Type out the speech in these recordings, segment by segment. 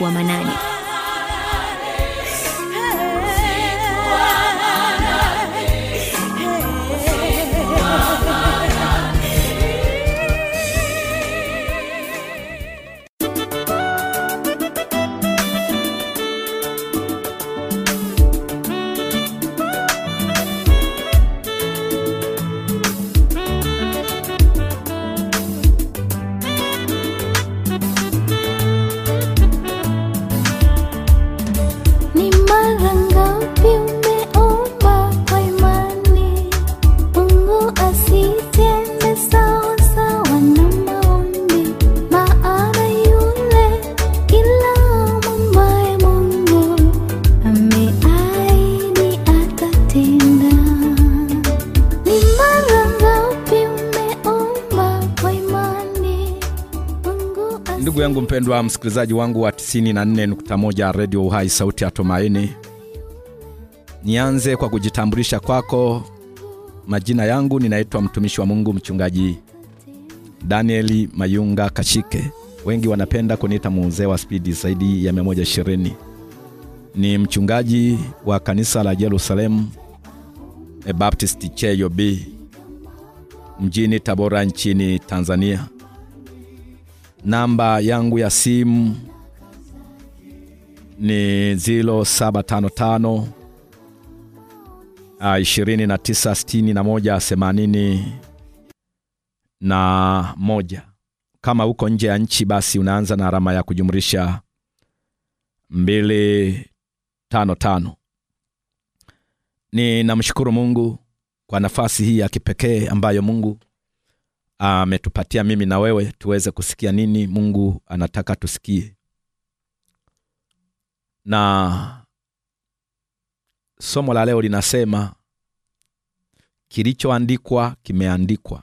wa manane. Mpendwa msikilizaji wangu wa 94.1 Redio Uhai, sauti ya Tumaini, nianze kwa kujitambulisha kwako. Majina yangu ninaitwa mtumishi wa Mungu, mchungaji Danieli Mayunga Kashike. Wengi wanapenda kuniita mzee wa spidi zaidi ya 120. Ni mchungaji wa kanisa la Jerusalemu Baptist Cheyo B mjini Tabora nchini Tanzania namba yangu ya simu ni 0755 ah, na moja. Kama uko nje ya nchi, basi unaanza na alama ya kujumlisha 255. Ninamshukuru Mungu kwa nafasi hii ya kipekee ambayo Mungu ametupatia mimi na wewe tuweze kusikia nini Mungu anataka tusikie. Na somo la leo linasema kilichoandikwa kimeandikwa,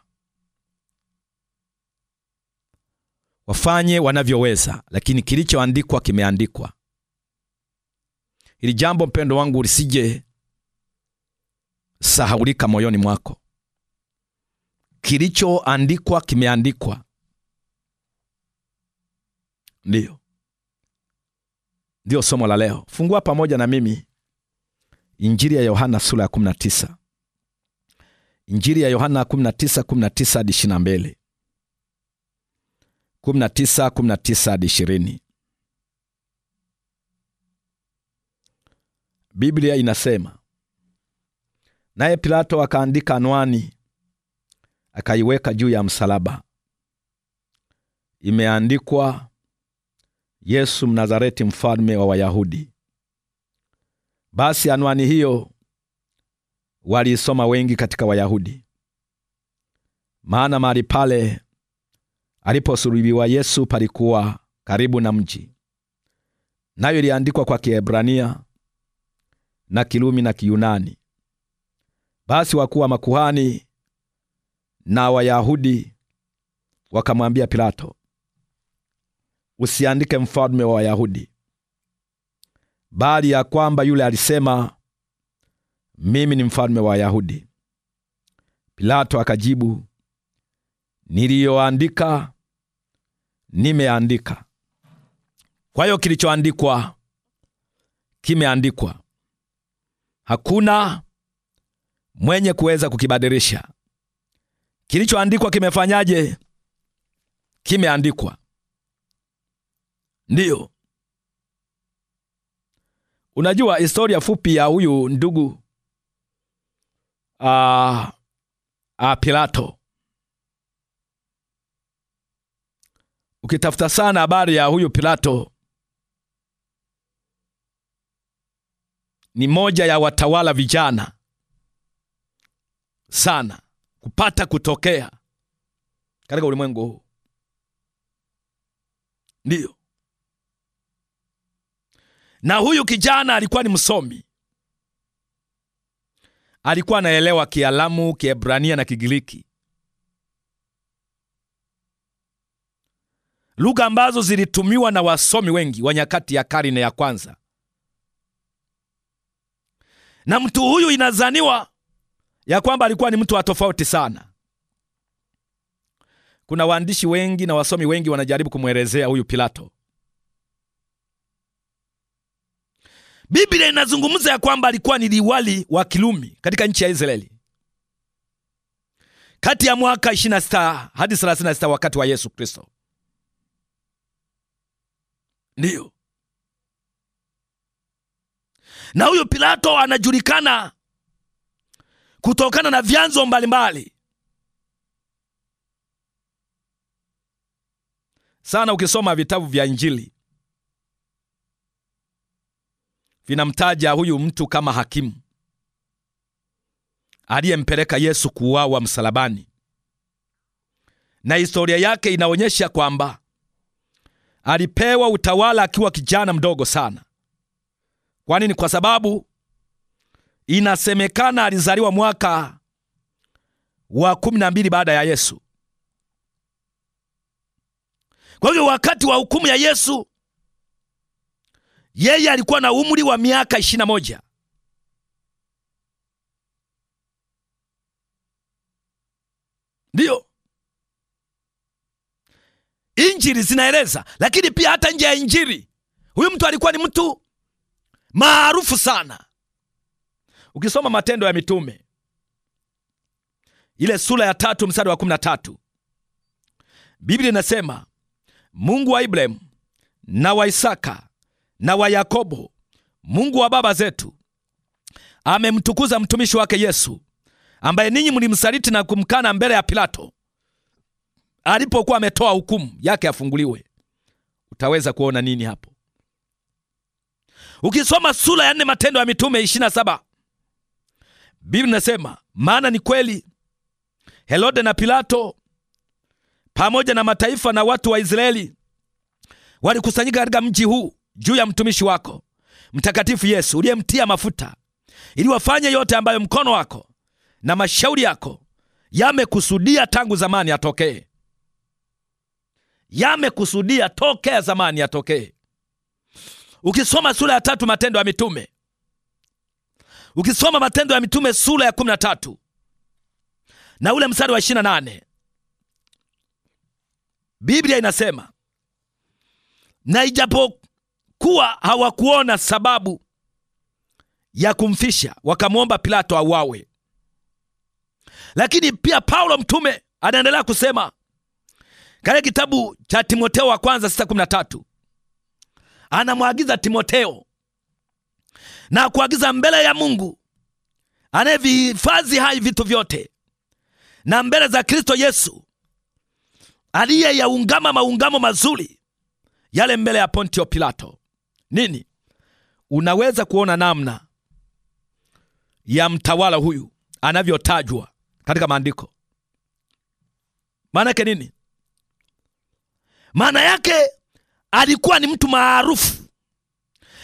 wafanye wanavyoweza, lakini kilichoandikwa kimeandikwa. Hili jambo mpendo wangu lisije sahaulika moyoni mwako kilichoandikwa kimeandikwa. Ndiyo, ndiyo somo la leo. Fungua pamoja na mimi Injili ya Yohana sura ya 19, Injili ya Yohana 19 19 hadi 22, 19 19 hadi 20. Biblia inasema, naye Pilato akaandika anwani akaiweka juu ya msalaba. Imeandikwa, Yesu Mnazareti, mfalme wa Wayahudi. Basi anwani hiyo waliisoma wengi katika Wayahudi, maana mahali pale aliposulubiwa Yesu palikuwa karibu na mji, nayo iliandikwa kwa Kiebrania na Kirumi na Kiyunani. Basi wakuu wa makuhani na Wayahudi wakamwambia Pilato, usiandike mfalme wa Wayahudi, bali ya kwamba yule alisema mimi ni mfalme wa Wayahudi. Pilato akajibu, niliyoandika nimeandika. Kwa hiyo kilichoandikwa kimeandikwa, hakuna mwenye kuweza kukibadilisha. Kilichoandikwa kimefanyaje? Kimeandikwa. Ndiyo, unajua historia fupi ya huyu ndugu a, ah, a ah, Pilato. Ukitafuta sana habari ya huyu Pilato, ni moja ya watawala vijana sana kupata kutokea katika ulimwengu huu. Ndiyo, na huyu kijana alikuwa ni msomi, alikuwa anaelewa Kialamu, Kiebrania na Kigiriki, lugha ambazo zilitumiwa na wasomi wengi wa nyakati ya karne ya kwanza. Na mtu huyu inazaniwa ya kwamba alikuwa ni mtu wa tofauti sana. Kuna waandishi wengi na wasomi wengi wanajaribu kumwelezea huyu Pilato. Biblia inazungumza ya kwamba alikuwa ni liwali wa Kirumi katika nchi ya Israeli kati ya mwaka 26 hadi 36 wakati wa Yesu Kristo. Ndiyo, na huyu Pilato anajulikana kutokana na vyanzo mbalimbali sana. Ukisoma vitabu vya Injili vinamtaja huyu mtu kama hakimu aliyempeleka Yesu kuuawa msalabani, na historia yake inaonyesha kwamba alipewa utawala akiwa kijana mdogo sana. Kwa nini? Kwa sababu Inasemekana alizaliwa mwaka wa kumi na mbili baada ya Yesu. Kwa hiyo wakati wa hukumu ya Yesu yeye alikuwa na umri wa miaka ishirini na moja. Ndiyo Injili zinaeleza, lakini pia hata nje ya Injili huyu mtu alikuwa ni mtu maarufu sana. Ukisoma Matendo ya Mitume ile sura ya tatu mstari wa kumi na tatu Biblia inasema Mungu wa Ibrahimu na wa Isaka na wa Yakobo, Mungu wa baba zetu amemtukuza mtumishi wake Yesu, ambaye ninyi mlimsaliti na kumkana mbele ya Pilato alipokuwa ametoa hukumu yake afunguliwe. Utaweza kuona nini hapo? Ukisoma sura ya nne Matendo ya Mitume saba Biblia inasema maana ni kweli Herode na Pilato pamoja na mataifa na watu wa Israeli walikusanyika katika mji huu juu ya mtumishi wako mtakatifu Yesu uliyemtia mafuta, ili wafanye yote ambayo mkono wako na mashauri yako yamekusudia tangu zamani yatokee, yamekusudia tokea zamani yatokee. Ukisoma sura ya tatu Matendo ya Mitume Ukisoma Matendo ya Mitume sura ya kumi na ule mstari wa nane Biblia inasema na ijapokuwa hawakuona sababu ya kumfisha, wakamwomba Pilato auawe. Lakini pia Paulo mtume anaendelea kusema katika kitabu cha timoteo wa kwanza tatu anamwagiza timoteo na kuagiza mbele ya Mungu anayevihifadhi hai vitu vyote na mbele za Kristo Yesu aliye yaungama maungamo mazuri yale mbele ya Pontio Pilato. Nini unaweza kuona namna ya mtawala huyu anavyotajwa katika maandiko. Maana yake nini? Maana yake alikuwa ni mtu maarufu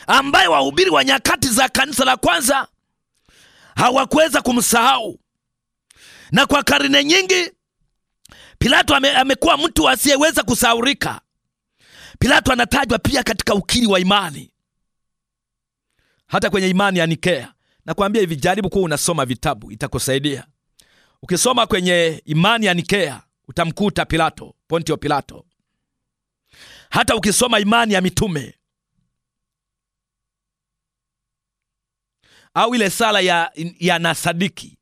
ambaye wahubiri wa nyakati za kanisa la kwanza hawakuweza kumsahau, na kwa karine nyingi Pilato ame, amekuwa mtu asiyeweza kusahaulika. Pilato anatajwa pia katika ukiri wa imani, hata kwenye imani ya Nikea. Nakwambia hivi, jaribu kuwa unasoma vitabu, itakusaidia. Ukisoma kwenye imani ya Nikea utamkuta Pilato, Pontio Pilato. Hata ukisoma imani ya mitume au ile sala ya, ya Nasadiki,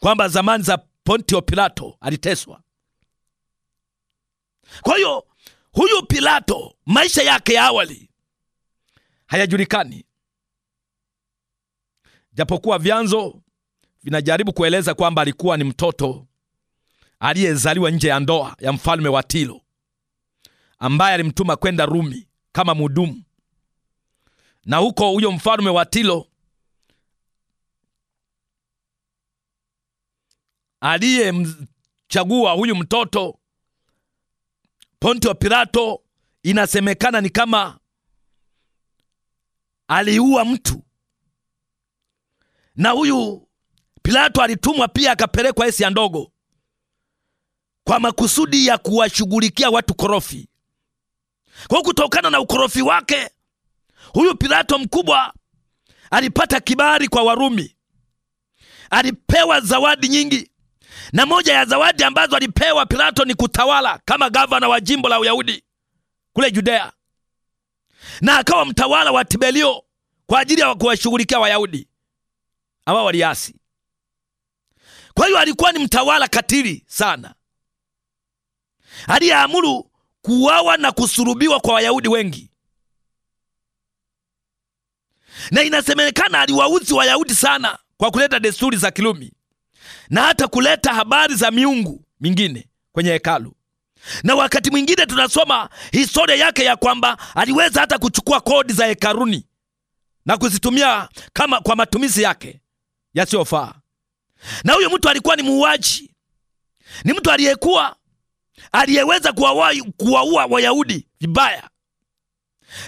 kwamba zamani za Pontio Pilato aliteswa. Kwa hiyo huyu Pilato maisha yake ya awali hayajulikani, japokuwa vyanzo vinajaribu kueleza kwamba alikuwa ni mtoto aliyezaliwa nje ya ndoa ya mfalme wa tilo ambaye alimtuma kwenda Rumi kama mudumu na huko huyo mfalme wa tilo aliyemchagua huyu mtoto Pontio Pilato, inasemekana ni kama aliua mtu, na huyu Pilato alitumwa pia akapelekwa ya Ndogo kwa makusudi ya kuwashughulikia watu korofi. Kwa kutokana na ukorofi wake Huyu Pilato mkubwa alipata kibali kwa Warumi, alipewa zawadi nyingi, na moja ya zawadi ambazo alipewa Pilato ni kutawala kama gavana wa jimbo la Uyahudi kule Judea, na akawa mtawala wa Tibelio kwa ajili ya kuwashughulikia Wayahudi ambao waliasi. Kwa hiyo alikuwa ni mtawala katili sana, aliyeamuru kuwawa na kusurubiwa kwa Wayahudi wengi na inasemekana aliwauzi Wayahudi sana kwa kuleta desturi za Kirumi na hata kuleta habari za miungu mingine kwenye hekalu. Na wakati mwingine tunasoma historia yake ya kwamba aliweza hata kuchukua kodi za hekaruni na kuzitumia kama kwa matumizi yake yasiyofaa. Na huyo mtu alikuwa ni muuaji, ni mtu aliyekuwa aliyeweza kuwaua Wayahudi vibaya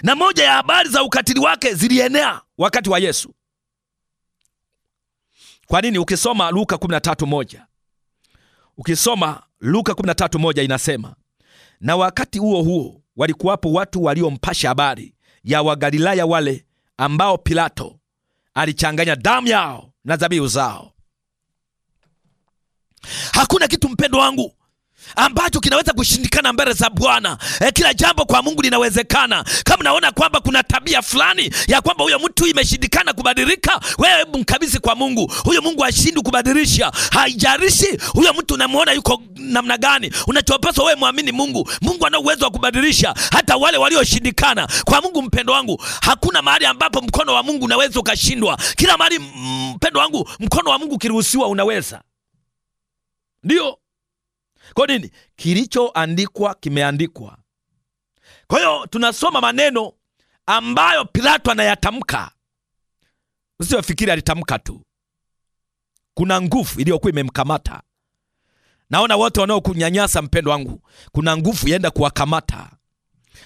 na moja ya habari za ukatili wake zilienea wakati wa Yesu. Kwa nini? Ukisoma Luka 13:1, ukisoma Luka 13:1 inasema, na wakati huo huo walikuwapo watu waliompasha habari ya Wagalilaya wale ambao Pilato alichanganya damu yao na dhabihu zao. Hakuna kitu mpendo wangu ambacho kinaweza kushindikana mbele za Bwana. E, kila jambo kwa Mungu linawezekana. Kama naona kwamba kuna tabia fulani ya kwamba huyo mtu imeshindikana kubadilika, wewe hebu mkabidhi kwa Mungu. Huyo Mungu hashindwi kubadilisha. haijarishi huyo mtu unamwona yuko namna gani, unachopaswa wewe muamini Mungu. Mungu ana uwezo wa kubadilisha hata wale walioshindikana kwa Mungu. Mpendo wangu, hakuna mahali ambapo mkono wa Mungu unaweza ukashindwa. Kila mahali mpendo wangu, mkono wa Mungu ukiruhusiwa, unaweza ndio kwa nini? Kilichoandikwa kimeandikwa. Kwa hiyo tunasoma maneno ambayo Pilato anayatamka. Usiwafikiri alitamka tu, kuna nguvu iliyokuwa imemkamata. Naona wote wanaokunyanyasa mpendo wangu, kuna nguvu yaenda kuwakamata,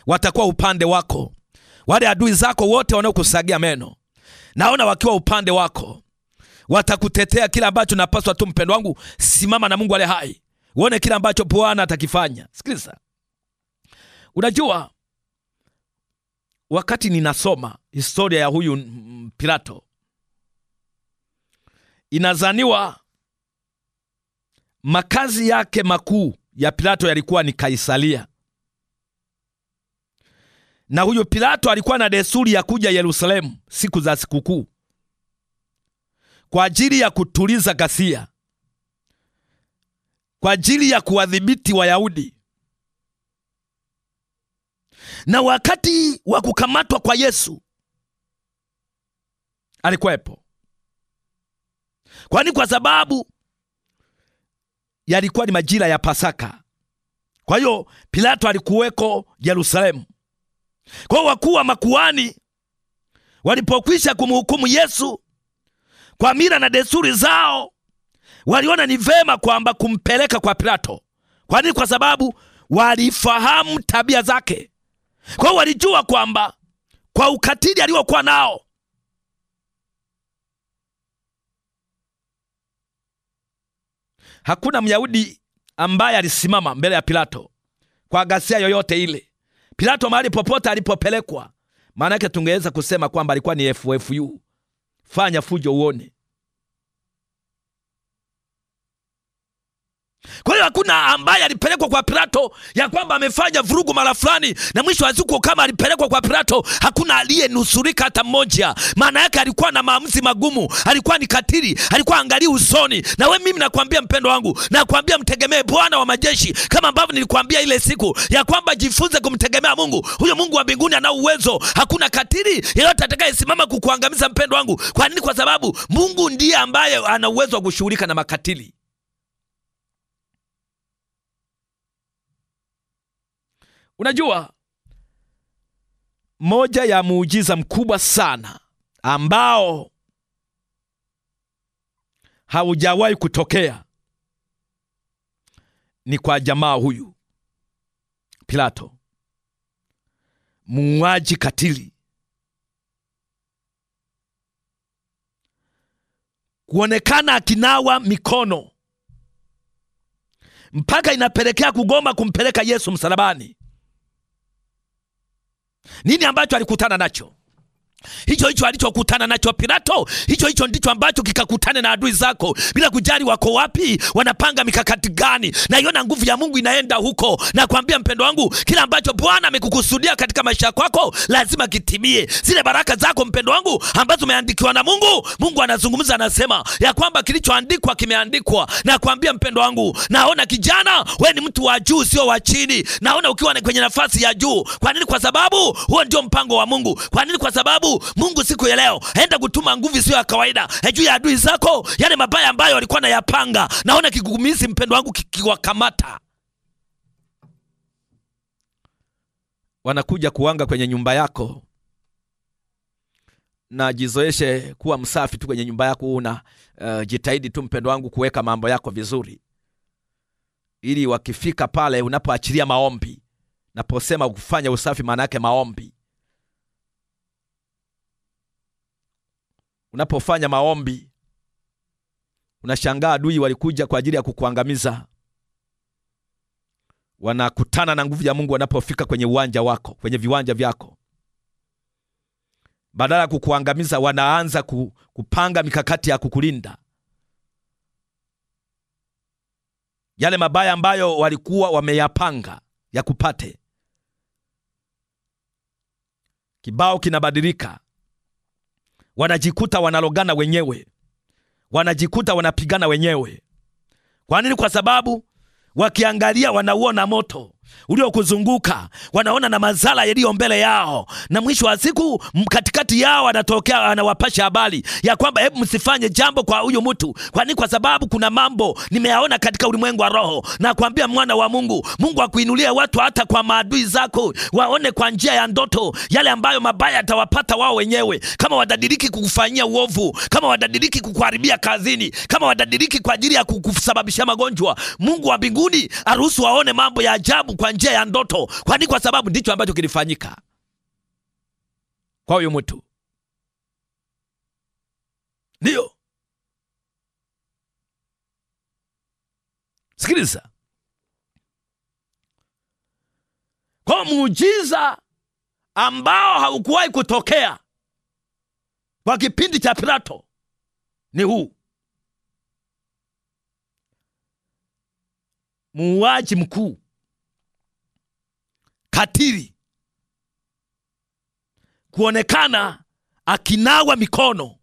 watakuwa upande wako. Wale adui zako wote wanaokusagia meno, naona wakiwa upande wako, watakutetea kila ambacho napaswa tu. Mpendo wangu, simama na Mungu ale hai uone kile ambacho Bwana atakifanya. Sikiliza, unajua wakati ninasoma historia ya huyu Pilato, inazaniwa makazi yake makuu ya Pilato yalikuwa ni Kaisaria, na huyu Pilato alikuwa na desturi ya kuja Yerusalemu siku za sikukuu kwa ajili ya kutuliza ghasia kwa ajili ya kuwadhibiti Wayahudi. Na wakati wa kukamatwa kwa Yesu alikuwepo, kwani kwa sababu yalikuwa ni majira ya Pasaka. Kwa hiyo Pilato alikuweko Yerusalemu. Kwa hiyo wakuu wa makuhani walipokwisha kumhukumu Yesu kwa mila na desturi zao, waliona ni vema kwamba kumpeleka kwa Pilato. Kwa nini? Kwa sababu walifahamu tabia zake. Kwa hiyo walijua kwamba kwa ukatili aliokuwa nao hakuna Myahudi ambaye alisimama mbele ya Pilato kwa ghasia yoyote ile. Pilato mahali popote alipopelekwa, maana yake tungeweza kusema kwamba alikuwa ni FFU, fanya fujo uone. Kwa hiyo hakuna ambaye alipelekwa kwa Pilato ya kwamba amefanya vurugu mara fulani, na mwisho wa siku kama alipelekwa kwa Pilato hakuna aliyenusurika hata mmoja. Maana yake alikuwa na maamuzi magumu, alikuwa ni katili, alikuwa angalii usoni. Na we mimi nakwambia mpendo wangu, nakwambia mtegemee Bwana wa majeshi, kama ambavyo nilikwambia ile siku ya kwamba jifunze kumtegemea Mungu. Huyo Mungu wa mbinguni ana uwezo, hakuna katili yeyote atakayesimama kukuangamiza mpendo wangu. Kwa nini? Kwa sababu Mungu ndiye ambaye ana uwezo wa kushughulika na makatili. Unajua, moja ya muujiza mkubwa sana ambao haujawahi kutokea ni kwa jamaa huyu Pilato, muuaji katili, kuonekana akinawa mikono mpaka inapelekea kugoma kumpeleka Yesu msalabani. Nini ambacho alikutana nacho? Hicho hicho alichokutana nacho Pilato, hicho hicho ndicho ambacho kikakutane na adui zako, bila kujali wako wapi, wanapanga mikakati gani. Naiona nguvu ya Mungu inaenda huko. Nakwambia mpendo wangu, kila ambacho Bwana amekukusudia katika maisha kwako lazima kitimie. Zile baraka zako mpendo wangu ambazo umeandikiwa na Mungu, Mungu anazungumza, anasema ya kwamba kilichoandikwa kimeandikwa. Nakwambia mpendo wangu, naona kijana, we ni mtu wa juu, sio wa chini. Naona ukiwa kwenye nafasi ya juu. Kwa nini? Kwa sababu huo ndio mpango wa Mungu. Kwa nini? Kwa sababu tu Mungu siku ya leo aenda kutuma nguvu isiyo ya kawaida eh, juu ya adui zako, yale mabaya ambayo walikuwa nayapanga. Naona kigugumizi mpendo wangu kikiwakamata, wanakuja kuanga kwenye nyumba yako. Na jizoeshe kuwa msafi tu kwenye nyumba yako, una uh, jitahidi tu mpendo wangu kuweka mambo yako vizuri, ili wakifika pale unapoachilia maombi. Naposema kufanya usafi, maana yake maombi Unapofanya maombi unashangaa adui walikuja kwa ajili ya kukuangamiza, wanakutana na nguvu ya Mungu wanapofika kwenye uwanja wako, kwenye viwanja vyako, badala ya kukuangamiza wanaanza kupanga mikakati ya kukulinda. Yale mabaya ambayo walikuwa wameyapanga yakupate, kibao kinabadilika wanajikuta wanalogana wenyewe, wanajikuta wanapigana wenyewe. Kwa nini? Kwa sababu wakiangalia wanauona moto, uliokuzunguka wanaona na madhara yaliyo mbele yao, na mwisho wa siku katikati yao anatokea anawapasha habari ya kwamba hebu msifanye jambo kwa huyu mtu, kwani kwa sababu kuna mambo nimeyaona katika ulimwengu wa roho. Na kuambia mwana wa Mungu, Mungu akuinulie wa watu hata kwa maadui zako, waone kwa njia ya ndoto yale ambayo mabaya atawapata wao wenyewe, kama wadadiriki kukufanyia uovu, kama wadadiriki kukuharibia kazini, kama wadadiriki kwa ajili ya kukusababisha magonjwa. Mungu wa mbinguni aruhusu waone mambo ya ajabu kwa njia ya ndoto, kwani kwa sababu ndicho ambacho kilifanyika kwa huyu mtu. Ndiyo, sikiliza, kwa muujiza ambao haukuwahi kutokea kwa kipindi cha Pilato ni huu. Muuaji mkuu katili, kuonekana akinawa mikono,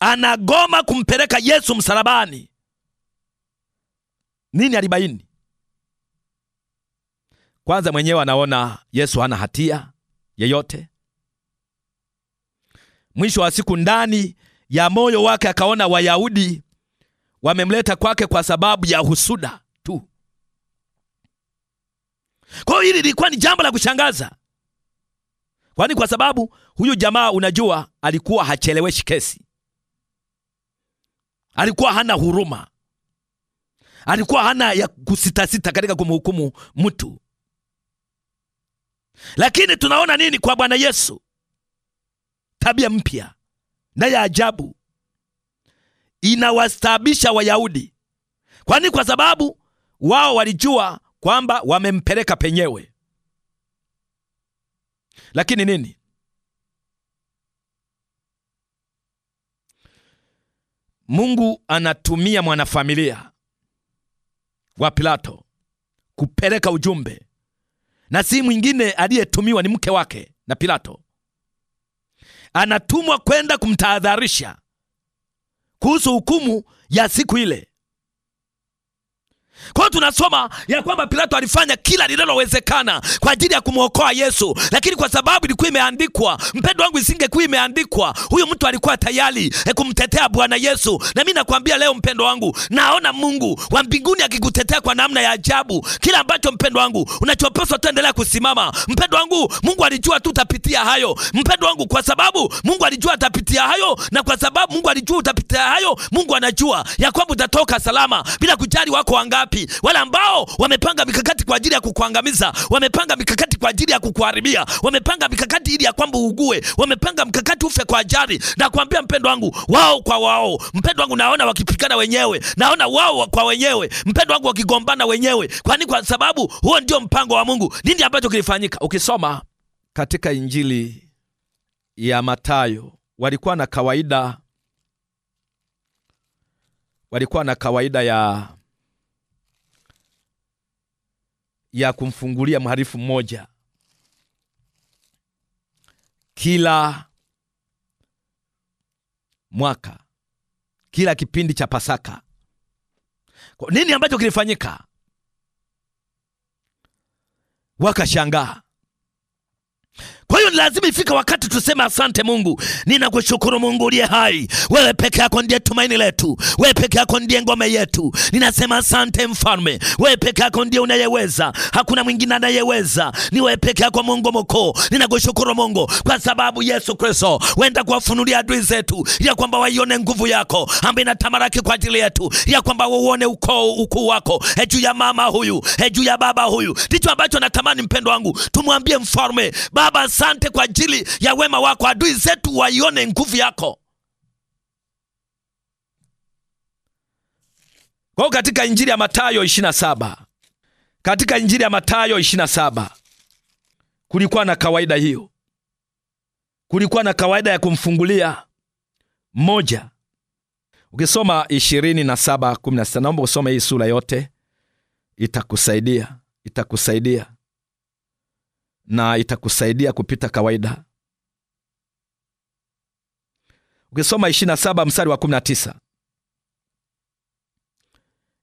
anagoma kumpeleka Yesu msalabani. Nini alibaini? Kwanza mwenyewe anaona Yesu hana hatia yeyote. Mwisho wa siku, ndani ya moyo wake akaona Wayahudi wamemleta kwake kwa sababu ya husuda kwa hiyo hili lilikuwa ni jambo la kushangaza, kwani kwa sababu huyu jamaa unajua, alikuwa hacheleweshi kesi, alikuwa hana huruma, alikuwa hana ya kusitasita katika kumhukumu mtu. Lakini tunaona nini kwa Bwana Yesu? Tabia mpya na ya ajabu inawastaabisha Wayahudi, kwani kwa sababu wao walijua kwamba wamempeleka penyewe. Lakini nini? Mungu anatumia mwanafamilia wa Pilato kupeleka ujumbe, na si mwingine aliyetumiwa ni mke wake na Pilato. Anatumwa kwenda kumtahadharisha kuhusu hukumu ya siku ile kwa hiyo tunasoma ya kwamba Pilato alifanya kila lililowezekana kwa ajili ya kumwokoa Yesu, lakini kwa sababu ilikuwa imeandikwa, mpendo wangu, isingekuwa imeandikwa, huyo mtu alikuwa tayari eh, kumtetea Bwana Yesu. Na mimi nakwambia leo, mpendo wangu, naona Mungu wa mbinguni akikutetea kwa namna ya ajabu. Kila ambacho mpendo wangu unachopaswa tu, endelea kusimama. Mpendo wangu, Mungu alijua tu utapitia hayo, mpendo wangu, kwa sababu Mungu alijua atapitia hayo, na kwa sababu Mungu alijua utapitia hayo, Mungu anajua ya kwamba utatoka salama, bila kujali wako wangapi wapi? Wale ambao wamepanga mikakati kwa ajili ya kukuangamiza, wamepanga mikakati kwa ajili ya kukuharibia, wamepanga mikakati ili ya kwamba uugue, wamepanga mkakati ufe kwa ajali. Na kuambia mpendo wangu, wao kwa wao, mpendo wangu, naona wakipigana wenyewe, naona wao kwa wenyewe, mpendo wangu, wakigombana wenyewe, kwani kwa sababu huo ndio mpango wa Mungu. Nini ambacho kilifanyika? Ukisoma katika Injili ya matayo walikuwa na kawaida walikuwa na kawaida ya ya kumfungulia mharifu mmoja kila mwaka, kila kipindi cha Pasaka. Kwa nini ambacho kilifanyika? Wakashangaa. Kwa hiyo lazima ifika wakati tuseme asante Mungu, ninakushukuru Mungu uliye hai, wewe peke yako ndiye tumaini letu, wewe peke yako ndiye ngome yetu. Ninasema asante Mfalme, wewe peke yako ndiye unayeweza, hakuna mwingine anayeweza, ni wewe peke yako Mungu mkuu. Ninakushukuru Mungu kwa sababu Yesu Kristo wenda kuwafunulia adui zetu, ya kwamba waione nguvu yako ambayo inatamalaki kwa ajili yetu, ya kwamba wauone ukoo ukuu wako e juu ya mama huyu, e juu ya baba huyu. Ndicho ambacho natamani mpendo wangu tumwambie mfalme Baba Asante kwa ajili ya wema wako, adui zetu waione nguvu yako. Kwa hiyo katika Injili ya Mathayo 27, katika Injili ya Mathayo 27 kulikuwa na kawaida hiyo, kulikuwa na kawaida ya kumfungulia mmoja. Ukisoma 27:16, naomba usome hii sura yote, itakusaidia itakusaidia na itakusaidia kupita kawaida. Ukisoma 27 mstari wa 19,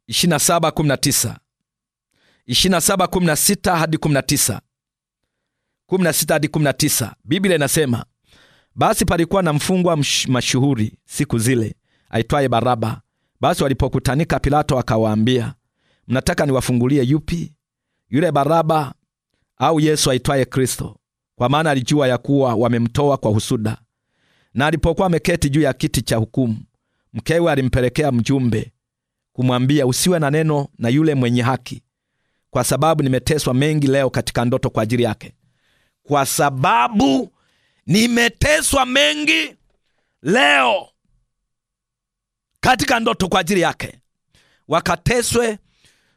27:19, 27:16 hadi 19, 16 hadi 19, Biblia inasema basi palikuwa na mfungwa mashuhuri siku zile aitwaye Baraba. Basi walipokutanika, Pilato akawaambia, mnataka niwafungulie yupi? Yule Baraba au Yesu aitwaye Kristo, kwa maana alijua ya kuwa wamemtoa kwa husuda. Na alipokuwa ameketi juu ya kiti cha hukumu, mkewe alimpelekea mjumbe kumwambia, usiwe na neno na yule mwenye haki, kwa sababu nimeteswa mengi leo katika ndoto kwa ajili yake. Kwa sababu nimeteswa mengi leo katika ndoto kwa ajili yake. Wakateswe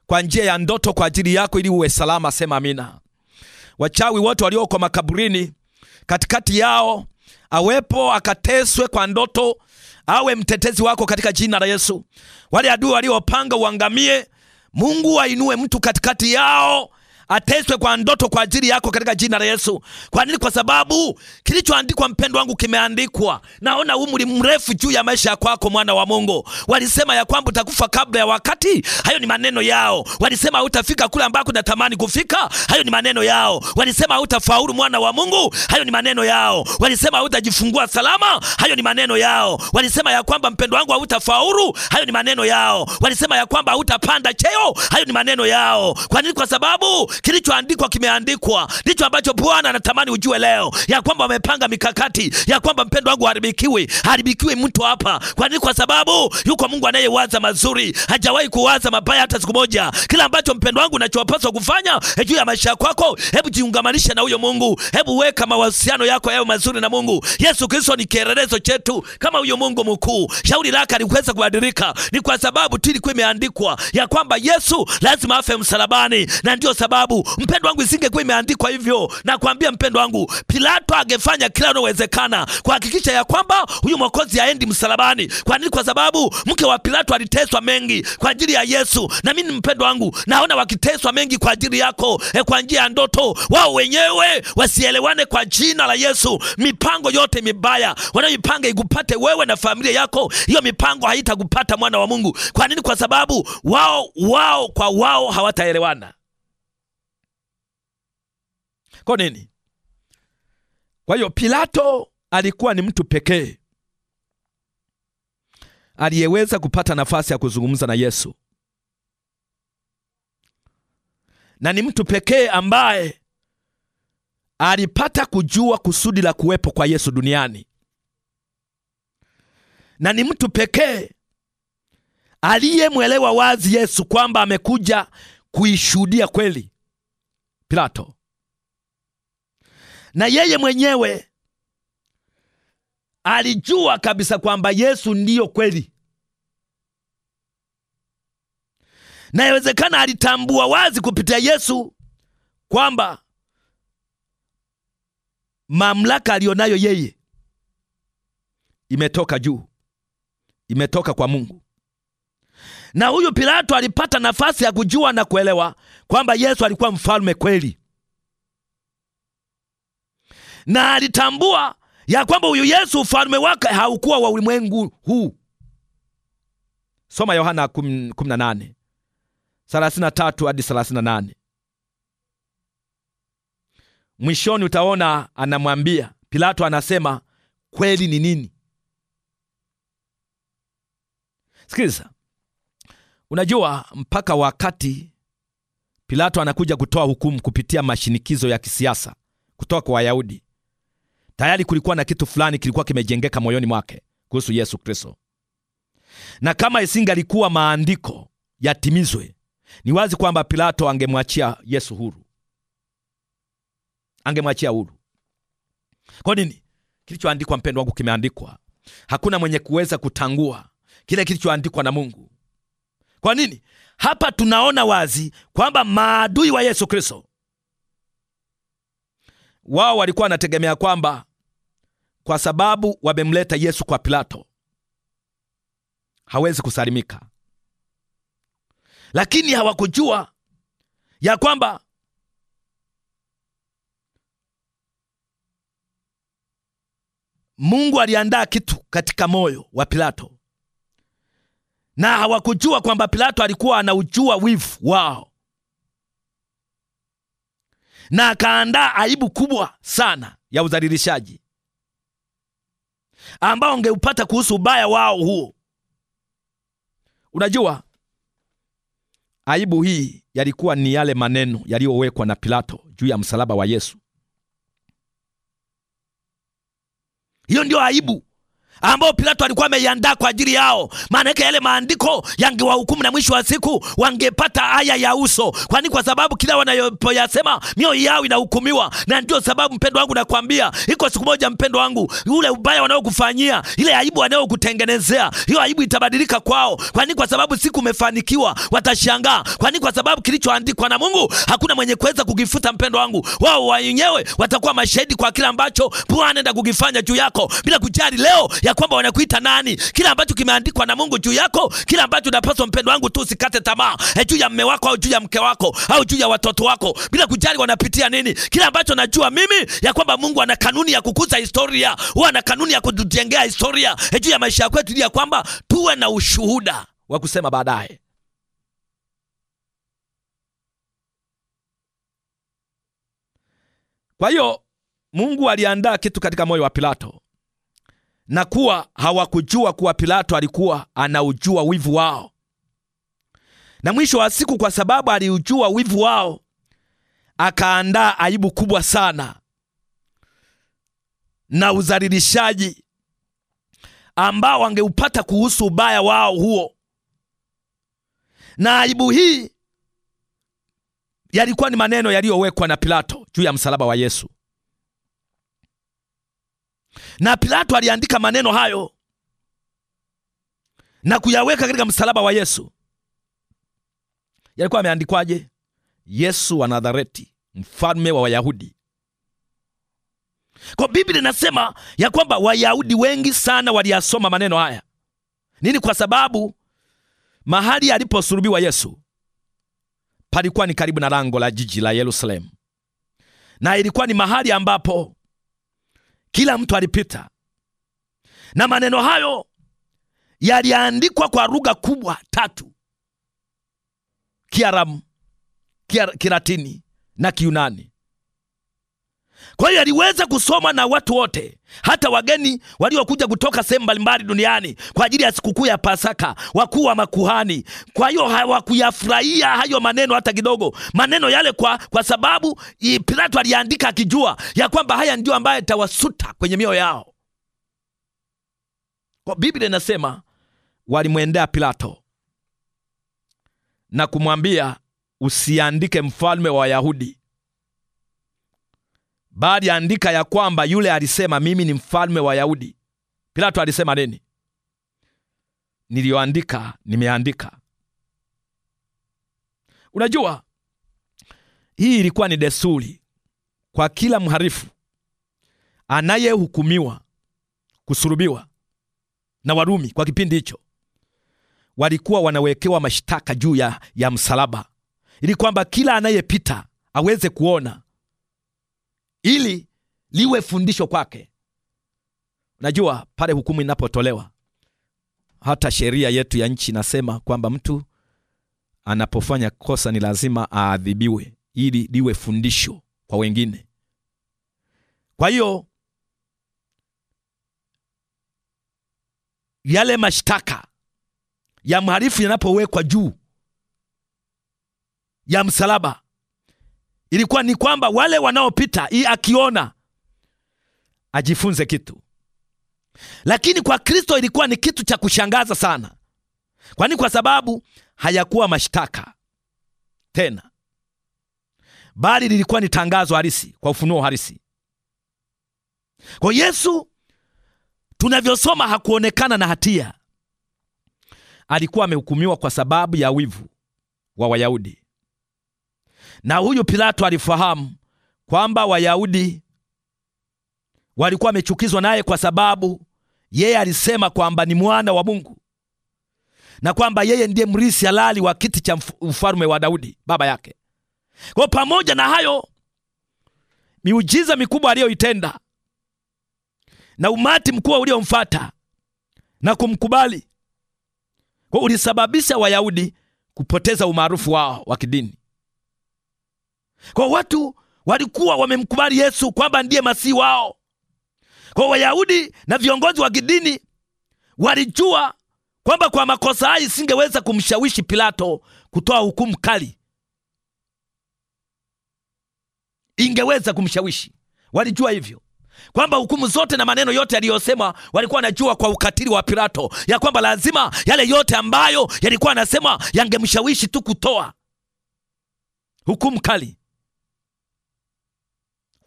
kwa njia ya ndoto kwa ajili yako, ili uwe salama. Sema amina wachawi wote walioko makaburini, katikati yao awepo akateswe kwa ndoto, awe mtetezi wako katika jina la Yesu. Wale adui waliopanga uangamie, Mungu ainue mtu katikati yao ateswe kwa ndoto kwa ajili yako katika jina la Yesu. Kwa nini? Kwa sababu kilichoandikwa, mpendo wangu, kimeandikwa. Naona umri mrefu juu ya maisha yako, mwana wa Mungu. Walisema ya kwamba utakufa kabla ya wakati, hayo ni maneno yao. Walisema hutafika kule ambako natamani kufika, hayo ni maneno yao. Walisema hutafaulu, mwana wa Mungu, hayo ni maneno yao. Walisema hutajifungua salama, hayo ni maneno yao. Walisema ya kwamba mpendo wangu hautafaulu, hayo ni maneno yao. Walisema ya kwamba hutapanda cheo, hayo ni maneno yao. Kwa nini? Kwa sababu Kilichoandikwa kimeandikwa, ndicho ambacho Bwana anatamani ujue leo, ya kwamba wamepanga mikakati ya kwamba mpendo wangu haribikiwi, haribikiwi mtu hapa. Kwa nini? Kwa sababu yuko Mungu anayewaza mazuri, hajawahi kuwaza mabaya hata siku moja. Kila ambacho mpendo wangu unachopaswa kufanya eh, juu ya maisha yako, hebu jiungamanishe na huyo Mungu, hebu weka mawasiliano yako yao mazuri na Mungu. Yesu Kristo ni kielelezo chetu kama huyo Mungu mkuu. Shauri lake alikuweza kubadilika, ni kwa sababu tu ilikuwa imeandikwa ya kwamba Yesu lazima afe msalabani, na ndio sababu sababu mpendo wangu, isingekuwa imeandikwa hivyo. Na kuambia wangu, Pilato angefanya kila unawezekana kuhakikisha ya kwamba huyu mwokozi aendi msalabani. Kwa nini? Kwa sababu mke wa Pilato aliteswa mengi kwa ajili ya Yesu, na mimi mpendo wangu naona wakiteswa mengi kwa ajili yako, e, kwa njia ya ndoto wao wenyewe wasielewane kwa jina la Yesu. Mipango yote mibaya wanayoipanga ikupate wewe na familia yako, hiyo mipango haitakupata mwana wa Mungu. Kwa nini? Kwa sababu wao wao kwa wao hawataelewana kwa nini? Kwa hiyo Pilato alikuwa ni mtu pekee aliyeweza kupata nafasi ya kuzungumza na Yesu, na ni mtu pekee ambaye alipata kujua kusudi la kuwepo kwa Yesu duniani, na ni mtu pekee aliyemwelewa wazi Yesu kwamba amekuja kuishuhudia kweli. Pilato na yeye mwenyewe alijua kabisa kwamba Yesu ndiyo kweli, na yawezekana alitambua wazi kupitia Yesu kwamba mamlaka aliyonayo yeye imetoka juu, imetoka kwa Mungu. Na huyu Pilato alipata nafasi ya kujua na kuelewa kwamba Yesu alikuwa mfalme kweli na alitambua ya kwamba huyu Yesu ufalme wake haukuwa wa ulimwengu huu. Soma Yohana 18 33 hadi 38. Mwishoni utaona anamwambia Pilato, anasema kweli ni nini? Sikiliza, unajua mpaka wakati Pilato anakuja kutoa hukumu kupitia mashinikizo ya kisiasa kutoka kwa Wayahudi, Tayari kulikuwa na kitu fulani kilikuwa kimejengeka moyoni mwake kuhusu Yesu Kristo, na kama isingalikuwa maandiko yatimizwe, ni wazi kwamba Pilato angemwachia Yesu huru, angemwachia huru. Kwa nini? Kilichoandikwa, mpendo wangu, kimeandikwa. Hakuna mwenye kuweza kutangua kile kilichoandikwa na Mungu. Kwa nini? Hapa tunaona wazi kwamba maadui wa Yesu Kristo wao walikuwa wanategemea kwamba kwa sababu wamemleta Yesu kwa Pilato, hawezi kusalimika. Lakini hawakujua ya kwamba Mungu aliandaa kitu katika moyo wa Pilato, na hawakujua kwamba Pilato alikuwa anaujua wivu wao, na akaandaa aibu kubwa sana ya udhalilishaji ambao ungeupata kuhusu ubaya wao huo. Unajua, aibu hii yalikuwa ni yale maneno yaliyowekwa na Pilato juu ya msalaba wa Yesu. Hiyo ndio aibu ambao Pilato alikuwa ameiandaa kwa ajili yao. Maana yake yale maandiko yangewahukumu na mwisho wa siku wangepata haya ya uso. Kwani kwa sababu kila wanayoyasema mioyo yao inahukumiwa, na ndio sababu mpendo wangu nakwambia, iko siku moja mpendo wangu, ule ubaya wanaokufanyia, ile aibu wanayokutengenezea, hiyo aibu itabadilika kwao. Kwani kwa sababu siku umefanikiwa, watashangaa. Kwani kwa sababu kilichoandikwa na Mungu hakuna mwenye kuweza kukifuta, mpendo wangu. Wao wenyewe watakuwa mashahidi kwa kila ambacho Bwana anaenda kukifanya juu yako, bila kujali leo ya ya kwamba wanakuita nani, Kila ambacho kimeandikwa na Mungu juu yako, kila ambacho unapaswa, mpendo wangu, tu usikate tamaa e, juu ya mme wako au juu ya mke wako au juu ya watoto wako, bila kujali wanapitia nini. kila ambacho najua mimi ya kwamba Mungu ana kanuni ya kukuza historia, huwa ana kanuni ya kutujengea historia e, juu ya maisha yetu, ili ya kwamba tuwe na ushuhuda wa kusema baadaye. Kwa hiyo Mungu aliandaa kitu katika moyo wa Pilato na kuwa hawakujua kuwa Pilato alikuwa anaujua wivu wao. Na mwisho wa siku, kwa sababu aliujua wivu wao, akaandaa aibu kubwa sana na udhalilishaji ambao wangeupata kuhusu ubaya wao huo. Na aibu hii yalikuwa ni maneno yaliyowekwa na Pilato juu ya msalaba wa Yesu na Pilato aliandika maneno hayo na kuyaweka katika msalaba wa Yesu. Yalikuwa ameandikwaje? Yesu wa Nazareti, mfalme wa Wayahudi. Kwa Biblia inasema ya kwamba Wayahudi wengi sana waliyasoma maneno haya. Nini? Kwa sababu mahali aliposulubiwa Yesu palikuwa ni karibu na lango la jiji la Yerusalemu, na ilikuwa ni mahali ambapo kila mtu alipita, na maneno hayo yaliandikwa kwa lugha kubwa tatu: Kiaramu, Kiratini na kiunani kwa hiyo aliweza kusoma na watu wote, hata wageni waliokuja kutoka sehemu mbalimbali duniani kwa ajili ya sikukuu ya Pasaka, wakuu wa makuhani. Kwa hiyo hawakuyafurahia hayo maneno hata kidogo, maneno yale, kwa, kwa sababu Pilato aliandika akijua ya kwamba haya ndio ambaye tawasuta kwenye mioyo yao. Kwa Biblia inasema walimwendea Pilato na kumwambia usiandike mfalme wa Wayahudi bali andika ya kwamba yule alisema mimi ni mfalme wa Yahudi. Pilato alisema nini? Niliyoandika nimeandika. Unajua, hii ilikuwa ni desturi kwa kila mharifu anayehukumiwa kusulubiwa na Warumi. Kwa kipindi hicho walikuwa wanawekewa mashtaka juu ya, ya msalaba ili kwamba kila anayepita aweze kuona ili liwe fundisho kwake. Najua pale hukumu inapotolewa, hata sheria yetu ya nchi inasema kwamba mtu anapofanya kosa ni lazima aadhibiwe ili liwe fundisho kwa wengine. Kwa hiyo yale mashtaka ya mhalifu yanapowekwa juu ya msalaba ilikuwa ni kwamba wale wanaopita, akiona ajifunze kitu, lakini kwa Kristo ilikuwa ni kitu cha kushangaza sana, kwani kwa sababu hayakuwa mashtaka tena, bali lilikuwa ni tangazo halisi kwa ufunuo halisi. Kwa Yesu tunavyosoma hakuonekana na hatia, alikuwa amehukumiwa kwa sababu ya wivu wa Wayahudi na huyu Pilato alifahamu kwamba Wayahudi walikuwa wamechukizwa naye kwa sababu yeye alisema kwamba ni mwana wa Mungu na kwamba yeye ndiye mrisi halali wa kiti cha ufalme wa Daudi baba yake. Kwa pamoja na hayo miujiza mikubwa aliyoitenda na umati mkubwa uliomfuata na kumkubali kwa ulisababisha Wayahudi kupoteza umaarufu wao wa kidini. Kwa watu walikuwa wamemkubali Yesu kwamba ndiye masihi wao. Kwa Wayahudi na viongozi wa kidini walijua kwamba kwa makosa haya isingeweza kumshawishi Pilato kutoa hukumu kali, ingeweza kumshawishi. Walijua hivyo kwamba hukumu zote na maneno yote yaliyosemwa, walikuwa wanajua kwa ukatili wa Pilato ya kwamba lazima yale yote ambayo yalikuwa anasema yangemshawishi tu kutoa hukumu kali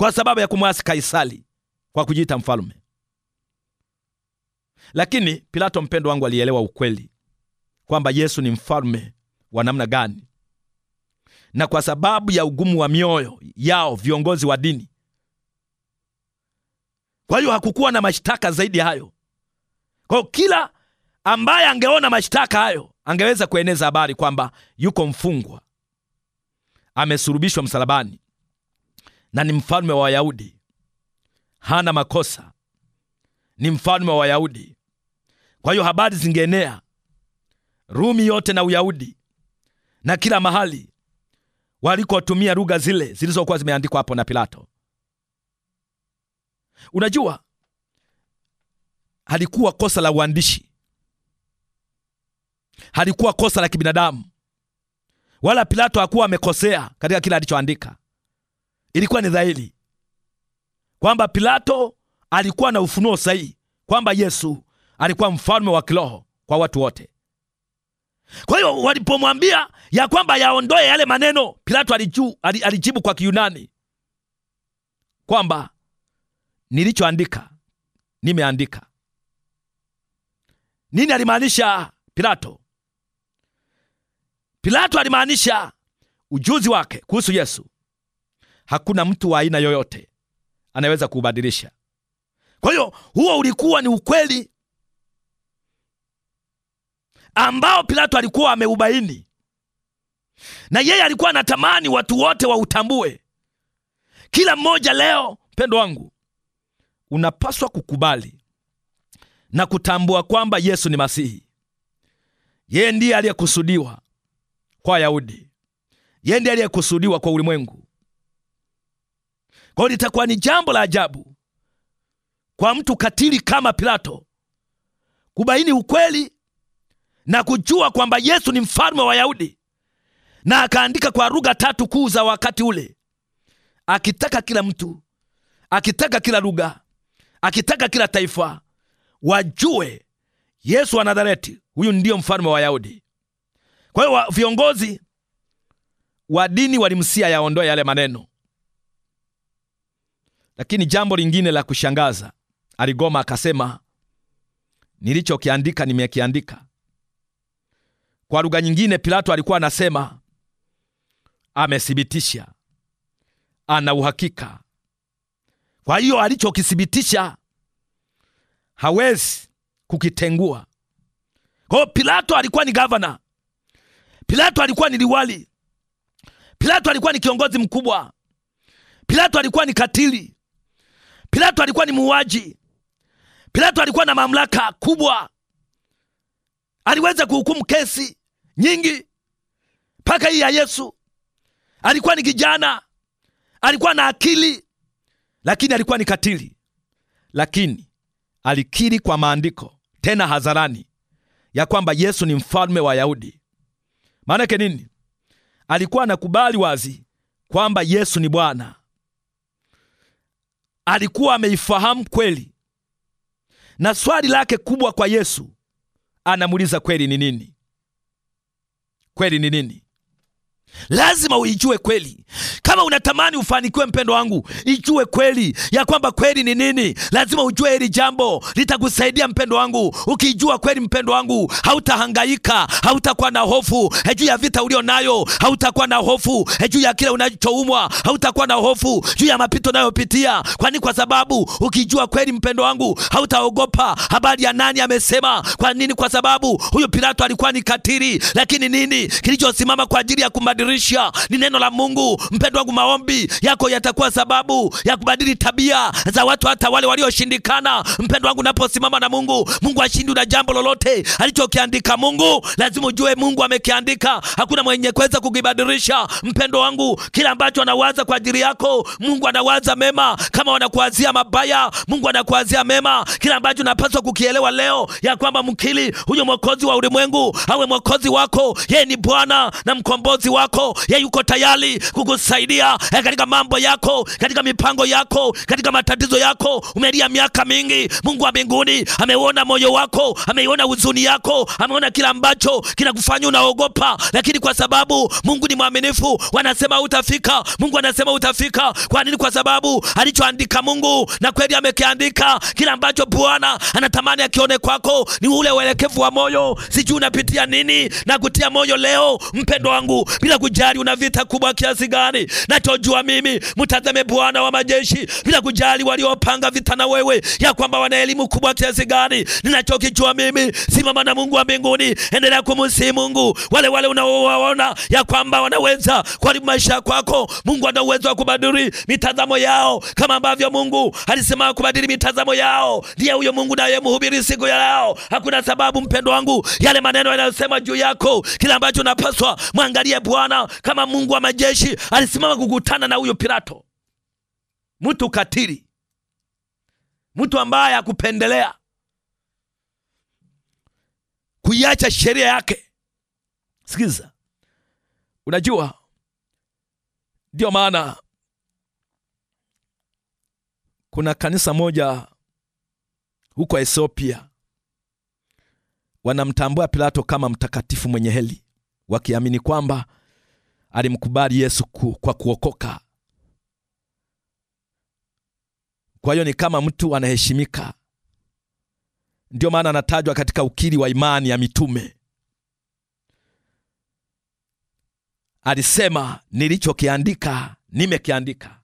kwa sababu ya kumwasi Kaisari kwa kujiita mfalme. Lakini Pilato mpendo wangu alielewa ukweli kwamba Yesu ni mfalme wa namna gani, na kwa sababu ya ugumu wa mioyo yao viongozi wa dini. Kwa hiyo hakukuwa na mashtaka zaidi hayo. Kwa hiyo kila ambaye angeona mashtaka hayo angeweza kueneza habari kwamba yuko mfungwa, amesulubishwa msalabani, na ni mfalme wa Wayahudi. Hana makosa, ni mfalme wa Wayahudi. Kwa hiyo habari zingeenea Rumi yote na Uyahudi na kila mahali walikotumia lugha zile zilizokuwa zimeandikwa hapo na Pilato. Unajua, halikuwa kosa la uandishi, halikuwa kosa la kibinadamu, wala Pilato hakuwa amekosea katika kila alichoandika ilikuwa ni dhahiri kwamba Pilato alikuwa na ufunuo sahihi kwamba Yesu alikuwa mfalme wa kiroho kwa watu wote. Kwa hiyo walipomwambia ya kwamba yaondoe yale maneno, Pilato aliju, alijibu kwa Kiyunani kwamba nilichoandika nimeandika. Nini alimaanisha Pilato? Pilato alimaanisha ujuzi wake kuhusu Yesu Hakuna mtu wa aina yoyote anayeweza kuubadilisha. Kwa hiyo huo ulikuwa ni ukweli ambao Pilato alikuwa ameubaini, na yeye alikuwa anatamani watu wote wautambue. Kila mmoja leo, mpendo wangu, unapaswa kukubali na kutambua kwamba Yesu ni Masihi. Yeye ndiye aliyekusudiwa kwa Wayahudi, yeye ndiye aliyekusudiwa kwa ulimwengu kwa hiyo litakuwa ni jambo la ajabu kwa mtu katili kama Pilato kubaini ukweli na kujua kwamba Yesu ni mfalme wa Wayahudi, na akaandika kwa lugha tatu kuu za wakati ule, akitaka kila mtu, akitaka kila lugha, akitaka kila taifa wajue Yesu wa Nazareti huyu ndiyo mfalme wa Wayahudi. Kwa hiyo viongozi wa dini walimsia yaondoe yale maneno lakini jambo lingine la kushangaza, aligoma akasema, nilichokiandika nimekiandika. Kwa lugha nyingine, Pilato alikuwa anasema amethibitisha, ana uhakika. Kwa hiyo alichokithibitisha hawezi kukitengua. Kwa hiyo Pilato alikuwa ni gavana, Pilato alikuwa ni liwali, Pilato alikuwa ni kiongozi mkubwa, Pilato alikuwa ni katili, Pilato alikuwa ni muuaji. Pilato alikuwa na mamlaka kubwa, aliweza kuhukumu kesi nyingi, mpaka hii ya Yesu. Alikuwa ni kijana, alikuwa na akili, lakini alikuwa ni katili. Lakini alikiri kwa maandiko, tena hadharani, ya kwamba Yesu ni mfalme wa Wayahudi. Maana yake nini? Alikuwa anakubali wazi kwamba Yesu ni Bwana alikuwa ameifahamu kweli, na swali lake kubwa kwa Yesu anamuuliza kweli ni nini? Kweli ni nini? Lazima uijue kweli. Kama unatamani ufanikiwe, mpendo wangu, ijue kweli ya kwamba kweli ni nini. Lazima ujue hili jambo litakusaidia mpendo wangu. Ukijua kweli, mpendo wangu, hautahangaika, hautakuwa na hofu eh, juu ya vita ulio nayo, hautakuwa na hofu eh, juu ya kile unachoumwa, hautakuwa na hofu juu ya mapito unayopitia. Kwani kwa sababu ukijua kweli, mpendo wangu, hautaogopa habari ya nani amesema. Kwa nini? Kwa sababu huyu Pilato alikuwa ni katiri, lakini nini kilichosimama kwa ajili ya kumbadili kubadilisha ni neno la Mungu. mpendwa wangu, maombi yako yatakuwa sababu ya kubadili tabia za watu, hata wale walioshindikana. Mpendo wangu, naposimama na Mungu, Mungu ashindi na jambo lolote alichokiandika Mungu. Lazima ujue Mungu amekiandika, hakuna mwenye kuweza kukibadilisha. Mpendo wangu, kila ambacho anawaza kwa ajili yako, Mungu anawaza mema. Kama wanakuazia mabaya, Mungu anakuazia mema. Kila ambacho unapaswa kukielewa leo ya kwamba mkili huyo mwokozi wa ulimwengu awe mwokozi wako, yeye ni Bwana na mkombozi wako yako, yeye yuko tayari kukusaidia eh, katika mambo yako, katika mipango yako, katika matatizo yako. Umelia miaka mingi, Mungu wa mbinguni ameuona moyo wako, ameiona huzuni yako, ameona kila ambacho kinakufanya unaogopa, lakini kwa sababu Mungu ni mwaminifu, wanasema utafika, Mungu anasema utafika. Kwa nini? Kwa sababu alichoandika Mungu na kweli amekiandika. Kila ambacho Bwana anatamani akione kwako ni ule uelekevu wa moyo. Sijui unapitia nini, na kutia moyo leo mpendo wangu bila kujali una vita kubwa kiasi gani, nachojua mimi, mtazame Bwana wa majeshi, bila kujali waliopanga vita na wewe ya kwamba wana elimu kubwa kiasi gani. Ninachokijua mimi, simama na Mungu wa mbinguni, endelea kumsihi Mungu. Wale wale unaowaona ya kwamba wanaweza kuharibu maisha kwako, Mungu ana uwezo wa kubadili mitazamo yao, kama ambavyo Mungu alisema kubadili mitazamo yao. Ndiye huyo Mungu naye mhubiri siku ya leo. Hakuna sababu mpendo wangu, yale maneno yanayosema juu yako, kila ambacho unapaswa mwangalie Bwana kukutana kama Mungu wa majeshi alisimama kukutana na huyo Pilato, mtu katili, mtu ambaye hakupendelea kuiacha sheria yake. Sikiza, unajua ndio maana kuna kanisa moja huko Ethiopia wanamtambua Pilato kama mtakatifu mwenye heli wakiamini kwamba alimkubali Yesu kwa kuokoka. Kwa hiyo ni kama mtu anaheshimika, ndio maana anatajwa katika ukiri wa imani ya mitume. Alisema, nilichokiandika nimekiandika.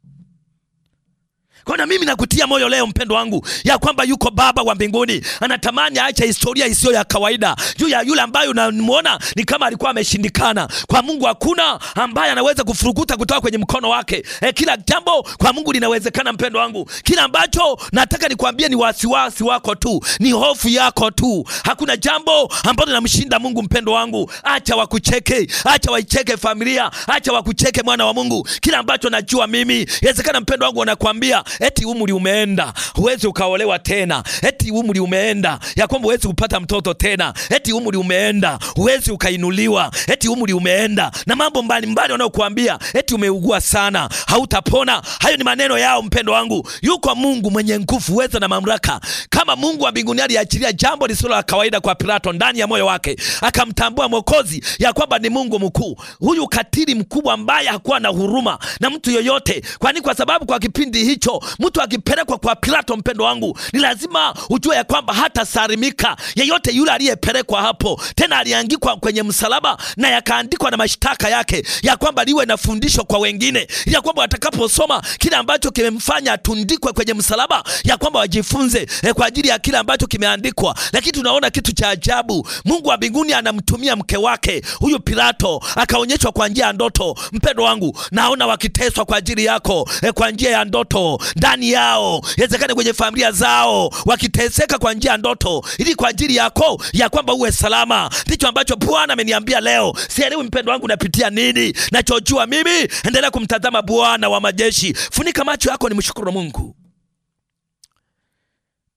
Kwa na mimi nakutia moyo leo mpendo wangu ya kwamba yuko Baba wa mbinguni anatamani aache historia isiyo ya kawaida juu ya yule ambaye unamwona ni kama alikuwa ameshindikana. Kwa Mungu hakuna ambaye anaweza kufurukuta kutoka kwenye mkono wake. E, kila jambo kwa Mungu linawezekana mpendo wangu. Kila ambacho nataka nikwambie ni wasiwasi wasi wako tu, ni hofu yako tu. Hakuna jambo ambalo linamshinda Mungu mpendo wangu. Acha wakucheke, acha waicheke familia, acha wakucheke mwana wa Mungu. Kila ambacho najua mimi, inawezekana mpendo wangu anakuambia eti umri umeenda, huwezi ukaolewa tena, eti umri umeenda, ya kwamba huwezi kupata mtoto tena, eti umri umeenda, huwezi ukainuliwa, eti umri umeenda, na mambo mbalimbali wanayokuambia, eti umeugua sana, hautapona. Hayo ni maneno yao, mpendo wangu. Yuko Mungu mwenye nguvu, uweza na mamlaka. Kama Mungu wa mbinguni aliachilia jambo lisilo la kawaida kwa Pilato ndani ya moyo wake, akamtambua Mwokozi ya kwamba ni Mungu mkuu, huyu katili mkubwa ambaye hakuwa na huruma na mtu yoyote, kwani kwa sababu kwa kipindi hicho mtu akipelekwa kwa Pilato, mpendo wangu, ni lazima ujue ya kwamba hata hatasalimika yeyote yule aliyepelekwa hapo. Tena aliangikwa kwenye msalaba na yakaandikwa na mashtaka yake, ya kwamba liwe na fundisho kwa wengine, ya kwamba watakaposoma kile ambacho kimemfanya atundikwe kwenye msalaba, ya kwamba wajifunze eh, kwa ajili ya kile ambacho kimeandikwa. Lakini tunaona kitu cha ajabu, Mungu wa mbinguni anamtumia mke wake huyu Pilato, akaonyeshwa kwa njia ya ndoto, mpendo wangu, naona wakiteswa kwa ajili yako eh, kwa njia ya ndoto ndani yao, yawezekana kwenye familia zao wakite kuteseka kwa njia ya ndoto, ili kwa ajili yako ya kwamba uwe salama. Ndicho ambacho Bwana ameniambia leo. Sielewi mpendo wangu unapitia nini, nachojua mimi, endelea kumtazama Bwana wa majeshi. Funika macho yako, ni mshukuru Mungu.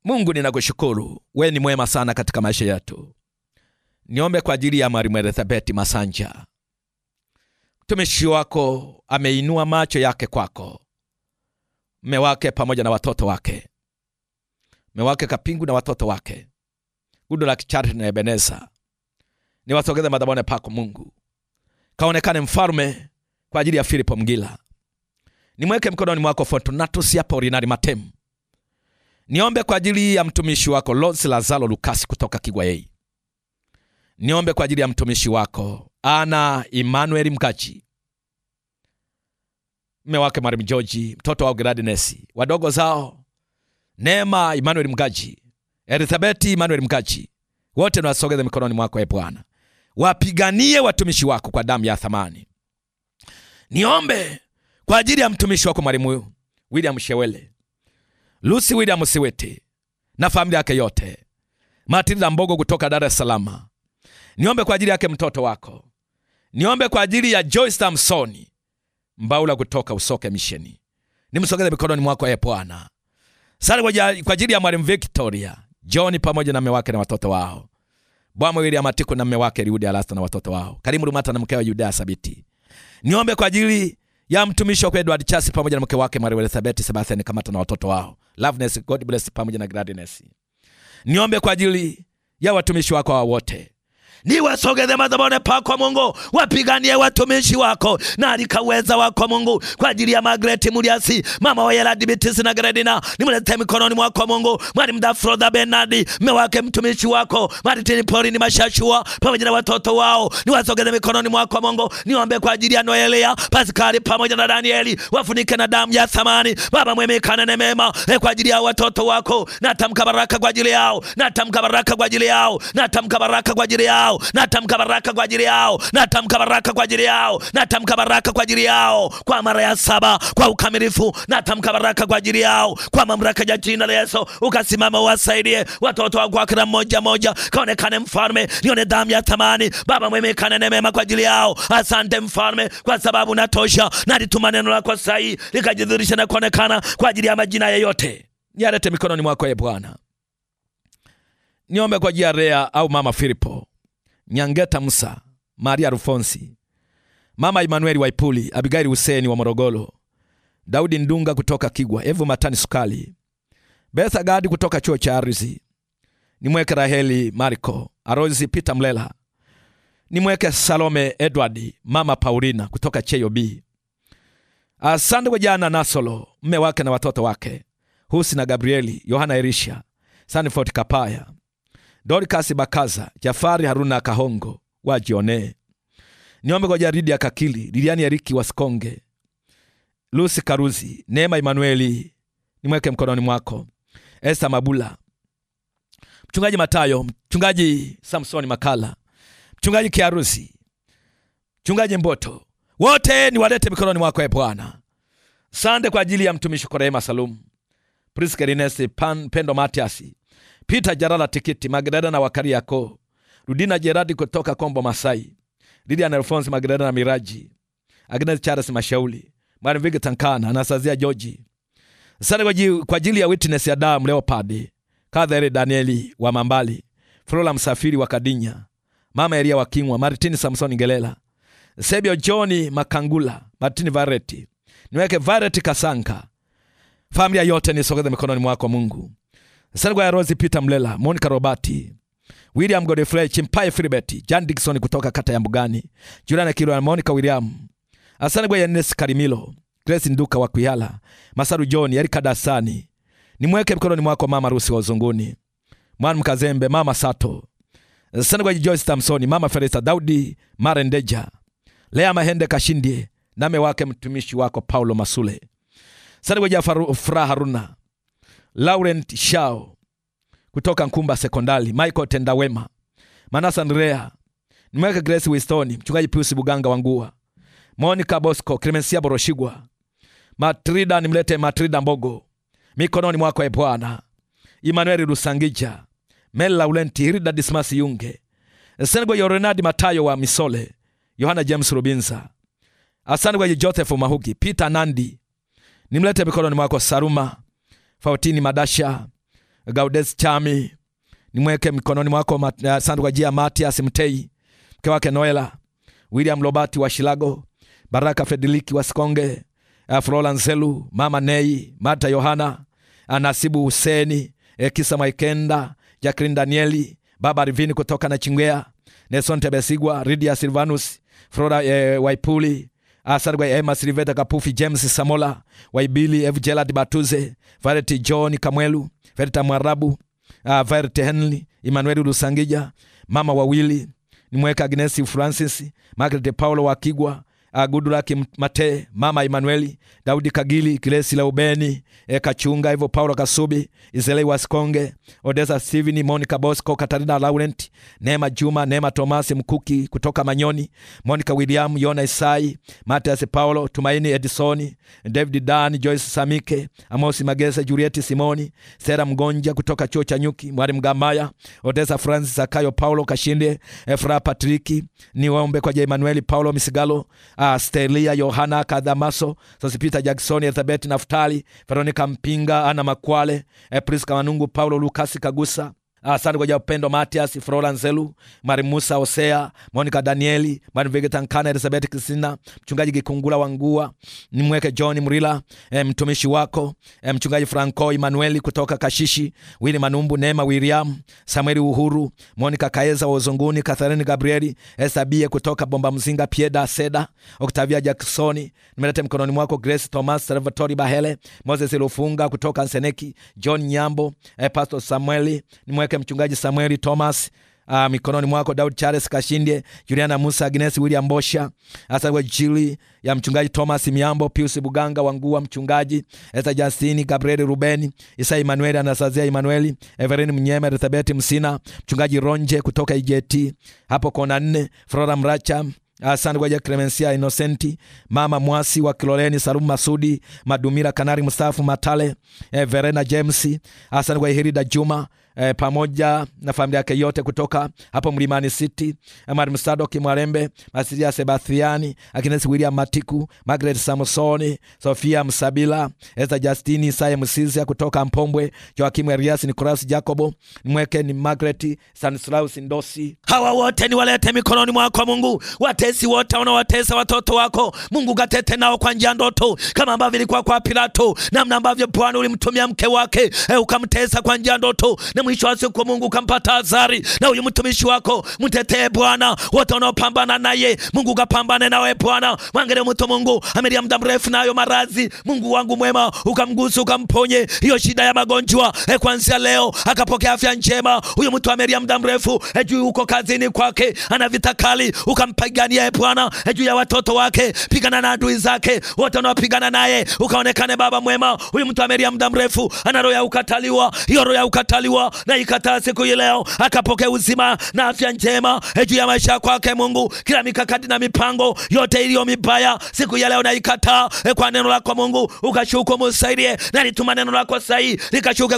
Mungu ninakushukuru, we ni mwema sana katika maisha yetu. Niombe kwa ajili ya Mwalimu Elizabeth Masanja, mtumishi wako ameinua macho yake kwako, mme wake pamoja na watoto wake mume wake Kapingu na watoto wake. la Charity na Ebeneza, niwasogeze madhabahuni pako Mungu, kaonekane mfalme kwa ajili ya Filipo Mgila. Nimweke mkononi mwako Fortunatus hapa Urinari Matemu. Niombe kwa ajili ya mtumishi wako Losi Lazalo Lukasi kutoka Kigwayei. Niombe kwa ajili ya mtumishi wako Ana Emmanuel Mkaji, mme wake Mwalimu mtoto wao Gladness, wadogo zao Neema Emmanuel Mgaji, Elizabeth Emmanuel Mgaji, wote nawasogeza mikononi mwako e Bwana, wapiganie watumishi wako kwa damu ya thamani. Niombe kwa ajili ya mtumishi wako mwalimu William Shewele, Lucy William Siwete na familia yake yote, Matilda Mbogo kutoka Dar es Salaam. Niombe kwa ajili yake mtoto wako, niombe kwa ajili ya Joyce Samsoni Mbaula kutoka Usoke Misheni, nimsogeze mikononi mwako e Bwana Sare kwa ajili ya Mwalimu Victoria John pamoja na mume wake na watoto wao. Bwana wili ya matiko na mume wake Rudi Alasta na watoto wao. Karimu Rumata na mke mkewe Judea Sabiti. Niombe kwa ajili ya mtumishi wako Edward Chasi pamoja na mke wake Mary Elizabeth Sebastian Kamata na watoto wao. Loveness God bless pamoja na Gladness. Niombe kwa ajili ya watumishi wako wote niwasogeze madhabahuni pako Mungu, wapiganie watumishi wako na alikaweza wako Mungu, kwa ajili ya Magreti Muliasi, mama wa Yela Dibitisi na Gredina, nimlete mikononi mwako Mungu, mwalimu Dafroda Benadi, mume wake mtumishi wako Martin Paulini Mashashua, pamoja na watoto wao, niwasogeze mikononi mwako Mungu. Niombe kwa ajili ya Noelia Pascal pamoja na Danieli, wafunike na damu ya thamani, Baba mwema, kanene mema e, kwa ajili ya watoto wako, natamka baraka kwa ajili yao, natamka baraka kwa ajili yao, natamka baraka kwa ajili yao yao, natamka baraka kwa ajili yao, natamka baraka kwa ajili yao, natamka baraka kwa ajili yao kwa mara ya saba kwa ukamilifu, natamka baraka kwa ajili yao kwa mamlaka ya jina la Yesu. Ukasimama uwasaidie watoto wako wa kila mmoja mmoja, kaonekane mfalme, nione damu ya thamani. Baba mwema, kanene mema kwa ajili yao. Asante mfalme, kwa sababu natosha, na lituma neno lako sahihi likajidhihirisha na kuonekana kwa ajili ya majina yoyote. Nialete mikononi mwako, e Bwana. Niombe kwa jia Rea au mama Filipo Nyangeta Musa, Maria Rufonsi, Mama Emanueli Waipuli, Abigaili Huseni wa Morogoro, Daudi Ndunga kutoka Kigwa, Evu Matani Sukali, Betha Gadi kutoka chuo cha Arizi, nimweke Raheli Mariko, Arozi Peter Mlela, nimweke Salome Edward, Mama Paulina kutoka Cheyo B. Asante kwa jana Nasolo, mme wake na watoto wake, Husi na Gabrieli, Yohana Erisha, Sanford Kapaya Dorcas Bakaza, Jafari Haruna Kahongo wajione. Niombe kwa jaridi ya Kakili, Liliani Eriki Wasikonge, Lusi Karuzi, Neema Emanueli nimweke mkononi mwako, Esta Mabula, mchungaji Matayo, mchungaji Samsoni Makala, mchungaji Kiarusi, mchungaji Mboto, wote niwalete mikononi mwako, e Bwana. Sande kwa ajili ya mtumishi Korehema Salumu, Priska Ernest, Pendo Matiasi Peter Jarala Tikiti, Magdalena wa Kariakoo, Rudina Jeradi kutoka Kombo Masai, Lilian Alphonse Magdalena na Miraji, Agnes Charles Mashauli, Mwalimu Vigi Tankana, Anastasia Joji Sana kwa ajili ya witness ya damu leo padi Kadhere Danieli wa Mambali, Flora Msafiri wa Kadinya, Mama Elia wa Kingwa, Martin Samson Ngelela, Sebio Johnny Makangula, Martin Vareti. Niweke Vareti Kasanka. Familia yote nisogeze mikononi mwako Mungu. Sergwa ya Rose Peter Mlela, Monica Robati, William Godfrey Chimpai Filibert John Dickson kutoka kata ya Mbugani, Juliana Kirwa, Monica William, Asanegwa ya Nes Karimilo, Grace Nduka wa Kuyala, Masaru John, Erika Dasani, nimweke mikononi mwako mama Rusi wa Uzunguni, Mwana Mkazembe, mama Sato, Asanegwa Joyce Thompson, mama Felista Daudi, Marendeja, Lea Mahende Kashindie, name wake mtumishi wako Paulo Masule, Asanegwa Jafar Furaha Haruna Laurent Shao kutoka Nkumba Sekondari, Michael Tendawema, Manasa Andrea, nimeweka Grace Wistoni, mchungaji Pius Buganga Wangua, Monica Bosco, Clemencia Boroshigwa, Matrida, nimlete Matrida Mbogo mikononi mwako e Bwana. Emmanuel Rusangija, Mel Laurenti, Hilda Dismas Yunge, Senego Yorenadi Matayo wa Misole, Yohana James Rubinza, Asante kwa Joseph Mahugi, Peter Nandi, nimlete mikononi mwako Saruma Fautini Madasha, Gaudes Chami, nimweke mikononi mwako mat, uh, eh, Sandwajia Matias Mtei, mke wake Noela, William Lobati wa Shilago, Baraka Frederiki wa Sikonge, uh, eh, Flora Nzelu, Mama Nei, Marta Yohana, Anasibu Huseni, Ekisa eh, Maikenda, Jacqueline Danieli, Baba Rivini kutoka na Chingwea, Nelson Tebesigwa, Ridia Silvanus, Flora eh, Waipuli, Asante Emma Silveta Kapufi, James Samola, Waibili, F. Gerald Batuze, Vareti John Kamwelu, Violet Mwarabu, uh, Violet Henley, Emmanuel Lusangija, mama wawili nimweka Agnesi Francis, Margaret Paulo Wakigwa uh, ah, Gudulaki Mate, Mama Emanueli, Daudi Kagili, Kilesi la Ubeni, e, eh, Kachunga hivyo, Paulo Kasubi, Izelei Wasikonge, Odesa Steven, Monica Bosco, Katarina Laurent, Neema Juma, Neema Thomas Mkuki kutoka Manyoni, Monica William, Yona Isai, Matias Paulo, Tumaini Edison, David Dan, Joyce Samike, Amos Magese, Juliet Simoni, Sera Mgonja kutoka Chuo cha Nyuki, Mwalimu Gamaya, Odesa Francis Akayo, Paulo Kashinde, Efra eh, Patriki, niwaombe kwa Jemanueli Paulo Misigalo uh, ah, Stelia Yohana Kadhamaso, Peter Jackson, Elizabeth Naftali, Veronica Mpinga, Ana Makwale, Priska Manungu, Paulo Lukasi Kagusa Asante kwa upendo Matias, Flora Nzelu, Mari Musa, Hosea, Monica Danieli, Mari Vegeta Nkana, Elizabeth Kisina, Mchungaji Kikungula Wangua, Nimweke John Mrila, e, eh, mtumishi wako, e, Mchungaji Franco Emanueli kutoka Kashishi, Wili Manumbu, Neema William, Samueli Uhuru, Monica Kaeza wa Uzunguni, Catherine Gabrieli, Esabie kutoka Bomba Mzinga, Pieda Seda, Oktavia Jacksoni, nimelete mkononi mwako Grace Thomas, Salvatori Bahele, Moses Lufunga kutoka Nseneki, John Nyambo, e, Pastor Samueli, nimweke yake mchungaji Samueli Thomas. Uh, mikononi mwako Daud Charles Kashinde, Juliana Musa, Agnes William Bosha, hasa kwa jili ya mchungaji Thomas Miambo, Pius Buganga Wangua, mchungaji Esther Justini, Gabriel Rubeni, Isa Emmanuel, Anastasia Emmanuel, Everin Mnyema, Elizabeth Msina, mchungaji Ronje kutoka IJT hapo kona nne, Flora Mracha, ah, Asante kwa Clemencia Innocenti, Mama Mwasi wa Kiloleni, Salum Masudi, Madumira Kanari Mustafa Matale, eh, Verena James, asante kwa Hirida Juma, eh, pamoja na familia yake yote kutoka hapo Mlimani City, eh, Msadok Mwarembe, Masiria Sebastiani, Agnes William Matiku, Margaret Samsoni, Sofia Msabila, Esther Justini, Isaya Msizia kutoka Mpombwe, Joakimu Elias, Nicolas Jacobo, Mweke ni Margaret, Stanislaus Ndosi. Hawa wote ni walete mikononi mwako Mungu. Watesi wote wanaowatesa watoto wako Mungu, gatete nao kwa njia ndoto, kama ambavyo ilikuwa kwa Pilato, namna ambavyo Bwana ulimtumia mke wake, eh, ukamtesa kwa njia ndoto na na mwisho wa siku Mungu kampata azari na huyu mtumishi wako mtetee Bwana, wote wanaopambana naye Mungu kapambane nawe Bwana. Mwangalie mtu Mungu amelia muda mrefu nayo marazi. Mungu wangu mwema, ukamgusa ukamponye hiyo shida ya magonjwa e, kuanzia leo akapokea afya njema. Huyu mtu amelia muda mrefu e, juu huko kazini kwake ana vita kali, ukampigania e Bwana e, juu ya watoto wake, pigana na adui zake wote wanaopigana naye, ukaonekane Baba mwema. Huyu mtu amelia muda mrefu ana roho ya ukataliwa, hiyo roho ya ukataliwa na ikataa siku hii leo, akapokea uzima na afya njema eh, juu ya maisha kwake. Mungu, kila mikakati na mipango yote iliyo mibaya siku ya leo na ikataa eh, kwa neno lako Mungu, ukashuka msaidie, na nituma neno lako sahi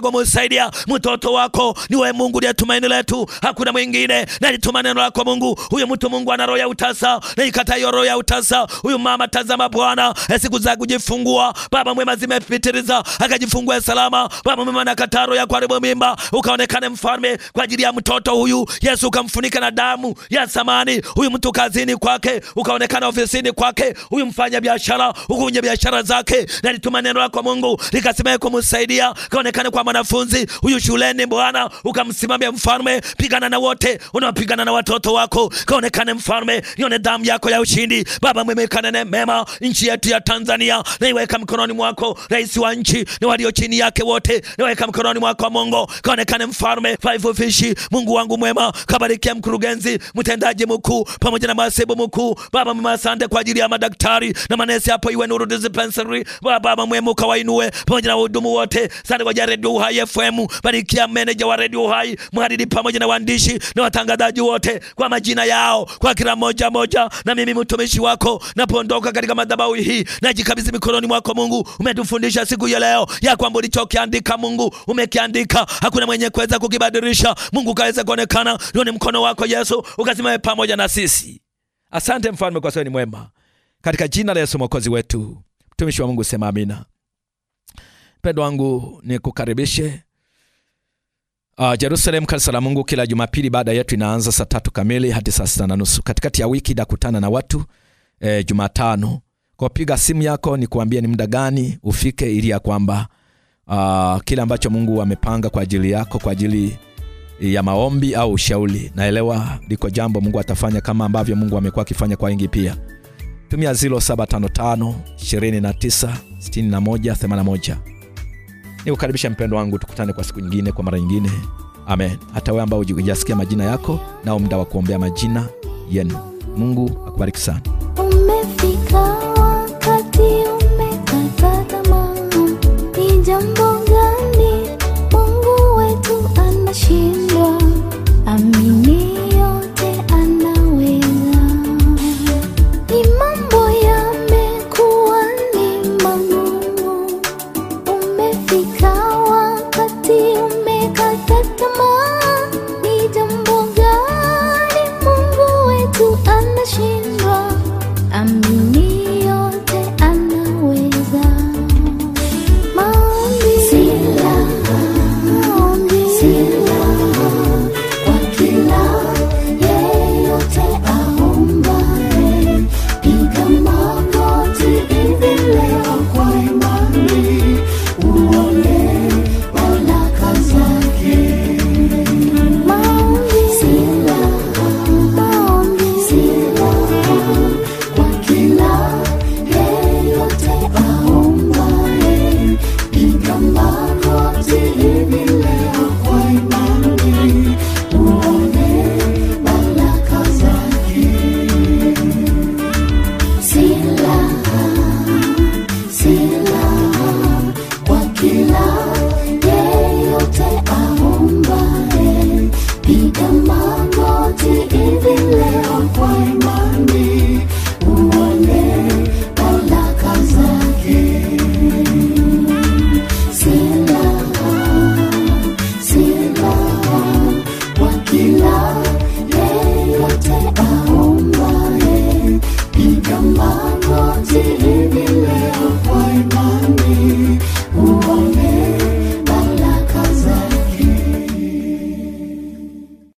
kwa msaidia mtoto wako. Ni wewe Mungu ndiye tumaini letu, hakuna mwingine, na nituma neno lako Mungu. Huyu mtu Mungu ana roho ya utasa, na ikataa hiyo roho ya utasa. Huyu mama, tazama Bwana, e, siku za kujifungua Baba mwema zimepitiliza, akajifungua salama Baba mwema, na kataro ya kuharibu mimba ukaonekane mfalme kwa ajili ya mtoto huyu. Yesu ukamfunika na damu ya samani. huyu mtu kazini kwake, ukaonekana ofisini kwake, huyu mfanya biashara, ukunye biashara zake. na Nalituma neno lako Mungu likasema kumsaidia, kaonekane kwa mwanafunzi huyu shuleni. Bwana ukamsimamia mfalme, pigana na wote unaopigana na watoto wako, kaonekane mfalme, nione damu yako ya ushindi. Baba mwemekane ne mema nchi yetu ya Tanzania, naiweka mkononi mwako. Rais wa nchi na walio chini yake wote, naiweka mkononi mwako Mungu, kaonekane Mkane mfalme vaivovishi Mungu wangu mwema, kabarikia mkurugenzi mtendaji mkuu pamoja na masibu mkuu. Baba mwema, asante kwa ajili ya madaktari na manesi hapo Iwe Nuru Dispensary. Baba mwema, ukawainue pamoja na wahudumu wote. Asante kwa ajili ya Radio Uhai FM, barikia meneja wa Radio Uhai, mhariri pamoja na waandishi na watangazaji wote kwa majina yao, kwa kila moja moja. Na mimi mtumishi wako napoondoka katika madhabahu hii, najikabidhi mikononi mwako Mungu. Umetufundisha siku ya leo ya kwamba ulichokiandika Mungu umekiandika, hakuna mwenye wenye kuweza kukibadilisha. Mungu kaweze kuonekana. Ni mkono wako Yesu, ukasimame pamoja na sisi. Asante mfalme, kwa sababu ni mwema, katika jina la Yesu mwokozi wetu. Mtumishi wa Mungu sema amina. Mpendo wangu nikukaribishe Uh, Jerusalem kanisa la Mungu kila Jumapili baada yetu inaanza saa tatu kamili hadi saa sita na nusu. Katikati ya wiki nakutana na watu eh, Jumatano. Kwa piga simu yako ni kuambia ni muda gani ufike ili ya kwamba uh, kile ambacho Mungu amepanga kwa ajili yako, kwa ajili ya maombi au ushauri. Naelewa liko jambo Mungu atafanya kama ambavyo Mungu amekuwa akifanya kwa wengi pia. Tumia 0755 29 61 81. Nikukaribisha mpendo wangu, tukutane kwa siku nyingine, kwa mara nyingine. Amen. Hata wewe ambao hujasikia majina yako, nao muda wa kuombea majina yenu. Mungu akubariki sana. jambo gani Mungu wetu anashindwa? Amina.